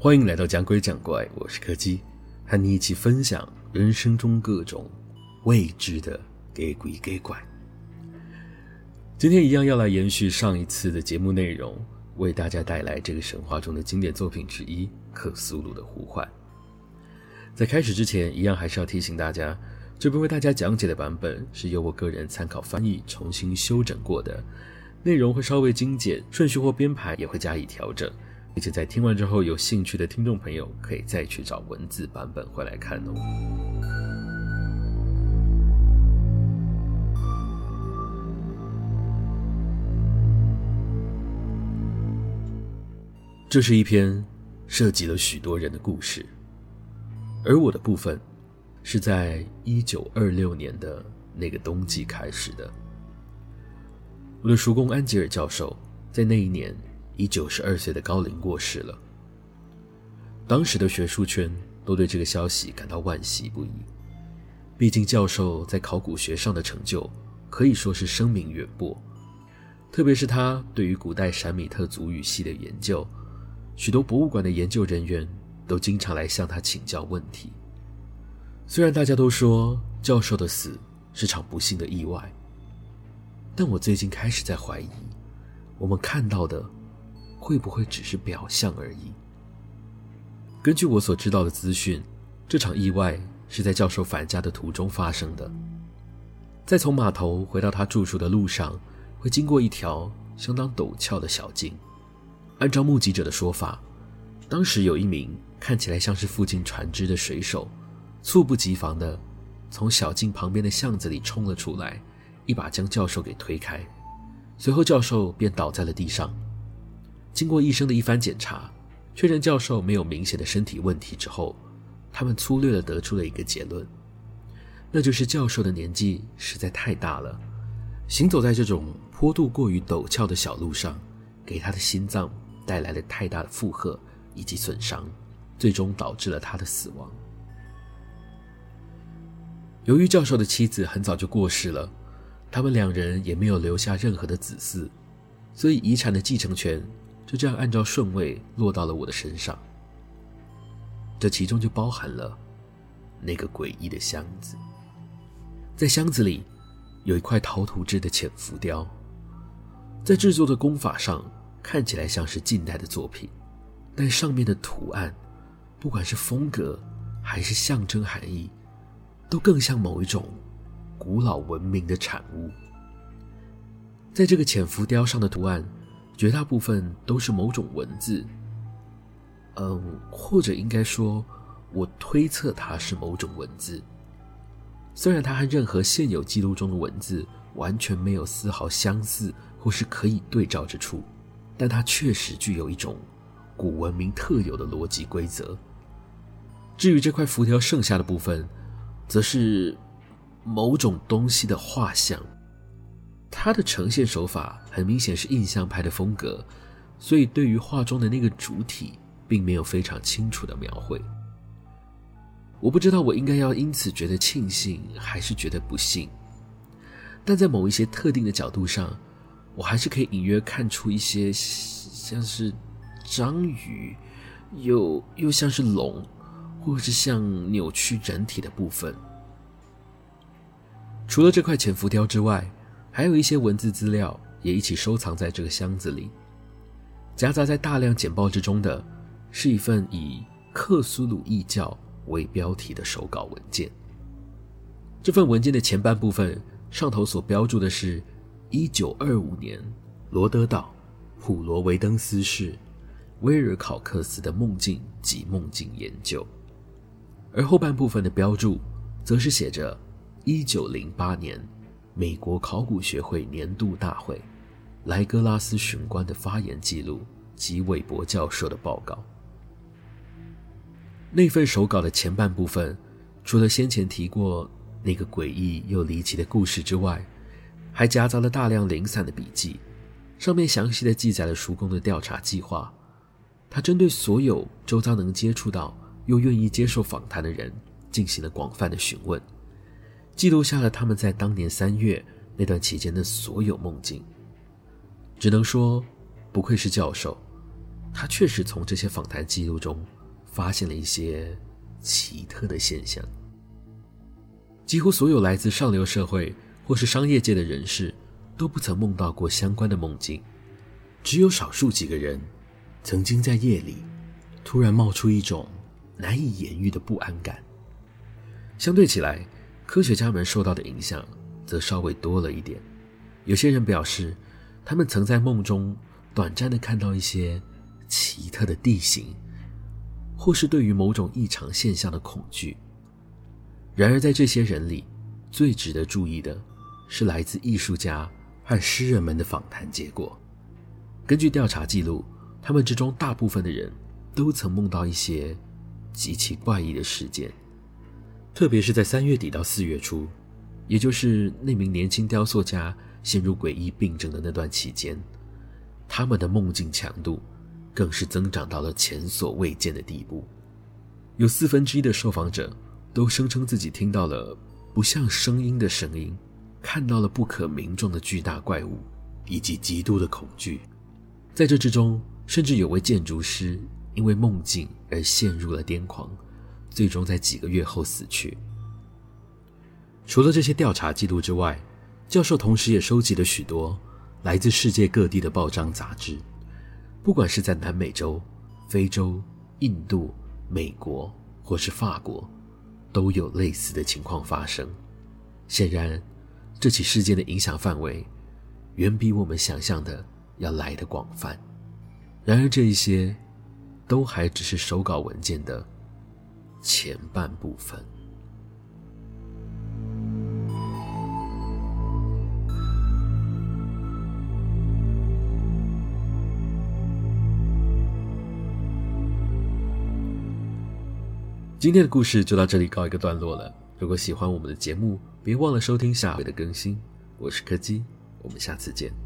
歡迎來到講鬼講怪，我是柯基，和你一起分享人生中各種未知的假鬼假怪。今天一樣要來延續上一次的節目內容，為大家帶來這個神話中的經典作品之一——克蘇魯的呼喚。在開始之前，一樣還是要提醒大家，這邊為大家講解的版本是由我個人參考翻譯重新修整過的，內容會稍微精簡，順序或編排也會加以調整。並且在聽完之後，有興趣的聽眾朋友可以再去找文字版本回來看哦。這是一篇涉及了許多人的故事，而我的部分是在一九二六年的那個冬季開始的。我的叔公安吉爾教授在那一年。以九十二歲的高齡過世了，當時的學術圈都對這個消息感到惋惜不已。畢竟教授在考古學上的成就可以說是聲名遠播，特別是他對於古代閃米特族語系的研究，許多博物館的研究人員都經常來向他請教問題。雖然大家都說教授的死是場不幸的意外，但我最近開始在懷疑，我們看到的。會不會只是表象而已？根據我所知道的資訊，這場意外是在教授返家的途中發生的。在從碼頭回到他住處的路上，會經過一條相當陡峭的小徑。按照目擊者的說法，當時有一名看起來像是附近船隻的水手，猝不及防地從小徑旁邊的巷子裡衝了出來，一把將教授給推開，隨後教授便倒在了地上。經過醫生的一番檢查，確認教授沒有明顯的身體問題之後，他們粗略地得出了一個結論，那就是教授的年紀實在太大了，行走在這種坡度過於陡峭的小路上，給他的心臟帶來了太大的負荷以及損傷，最終導致了他的死亡。由於教授的妻子很早就過世了，他們兩人也沒有留下任何的子嗣，所以遺產的繼承權，就這樣按照順位落到了我的身上，這其中就包含了那個詭異的箱子，在箱子裡有一塊陶土製的淺浮雕，在製作的工法上看起來像是近代的作品，但上面的圖案，不管是風格還是象徵含義，都更像某一種古老文明的產物。在這個淺浮雕上的圖案，絕大部分都是某種文字，嗯，或者應該說，我推測它是某種文字。雖然它和任何現有記錄中的文字完全沒有絲毫相似或是可以對照之處，但它確實具有一種古文明特有的邏輯規則。至於這塊浮雕剩下的部分，則是某種東西的畫像。它的呈現手法很明顯是印象派的風格，所以對於畫中的那個主體，並沒有非常清楚的描繪。我不知道我應該要因此覺得慶幸，還是覺得不幸。但在某一些特定的角度上，我還是可以隱約看出一些像是章魚，又又像是龍，或是像扭曲整體的部分。除了這塊淺浮雕之外，還有一些文字資料也一起收藏在這個箱子裡，夾雜在大量簡報之中的，是一份以克蘇魯異教為標題的手稿文件。這份文件的前半部分上頭所標注的是一九二五年羅德島普羅維登斯市威爾考克斯的夢境及夢境研究，而後半部分的標注則是寫着一九零八年。美國考古學會年度大會，萊格拉斯巡官的發言記錄及韋伯教授的報告。那份手稿的前半部分，除了先前提過那個詭異又離奇的故事之外，還夾雜了大量零散的筆記，上面詳細地記載了叔公的調查計劃。他針對所有周遭能接觸到又願意接受訪談的人，進行了廣泛的詢問。記錄下了他們在當年三月那段期間的所有夢境。只能說，不愧是教授，他確實從這些訪談記錄中發現了一些奇特的現象。幾乎所有來自上流社會或是商業界的人士都不曾夢到過相關的夢境，只有少數幾個人曾經在夜裡突然冒出一種難以言喻的不安感。相對起來。科學家們受到的影響則稍微多了一點。有些人表示，他們曾在夢中短暫地看到一些奇特的地形，或是對於某種異常現象的恐懼。然而在這些人裡，最值得注意的是來自藝術家和詩人們的訪談結果。根據調查記錄，他們之中大部分的人都曾夢到一些極其怪異的事件。特別是在三月底到四月初，也就是那名年輕雕塑家陷入詭異病症的那段期間，他們的夢境強度更是增長到了前所未見的地步。有四分之一的受訪者都聲稱自己聽到了不像聲音的聲音，看到了不可名狀的巨大怪物，以及極度的恐懼。在這之中，甚至有位建築師因為夢境而陷入了癲狂。最終在幾個月後死去。除了這些調查記錄之外，教授同時也收集了許多來自世界各地的報章雜誌，不管是在南美洲、非洲、印度、美國或是法國，都有類似的情況發生。顯然，這起事件的影響範圍遠比我們想象的要來得廣泛。然而，這一些都還只是手稿文件的前半部分。今天的故事就到這裡告一個段落了。如果喜歡我們的節目，別忘了收聽下回的更新。我是柯基，我們下次見。